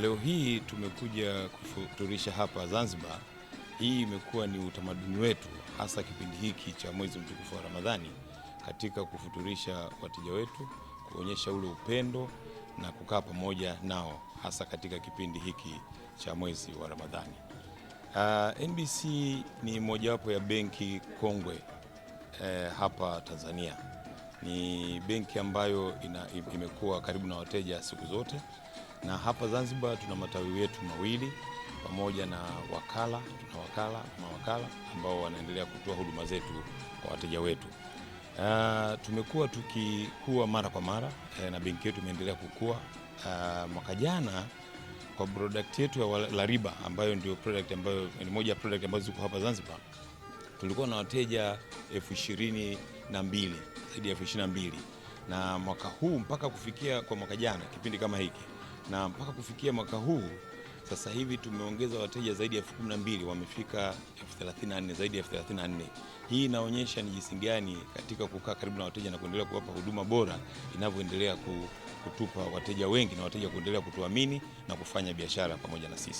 leo hii tumekuja kufuturisha hapa Zanzibar. Hii imekuwa ni utamaduni wetu, hasa kipindi hiki cha mwezi mtukufu wa Ramadhani, katika kufuturisha wateja wetu, kuonyesha ule upendo na kukaa pamoja nao, hasa katika kipindi hiki cha mwezi wa Ramadhani. Uh, ah, NBC ni mojawapo ya benki kongwe eh, hapa Tanzania. Ni benki ambayo ina, imekuwa karibu na wateja siku zote na hapa Zanzibar tuna matawi yetu mawili pamoja na wakala, na wakala mawakala ambao wanaendelea kutoa huduma zetu kwa wateja wetu. Uh, tumekuwa tukikua mara kwa mara eh, na benki yetu imeendelea kukua. Uh, mwaka jana kwa product yetu ya Lariba ambayo ndio product ambayo ni moja ya product ambazo ziko hapa Zanzibar tulikuwa na wateja elfu ishirini na mbili zaidi ya elfu ishirini na mbili na mwaka huu mpaka kufikia kwa mwaka jana kipindi kama hiki na mpaka kufikia mwaka huu sasa hivi tumeongeza wateja zaidi ya elfu kumi na mbili wamefika elfu thelathini na nne zaidi ya elfu thelathini na nne Hii inaonyesha ni jinsi gani katika kukaa karibu na wateja na kuendelea kuwapa huduma bora inavyoendelea kutupa wateja wengi na wateja kuendelea kutuamini na kufanya biashara pamoja na sisi.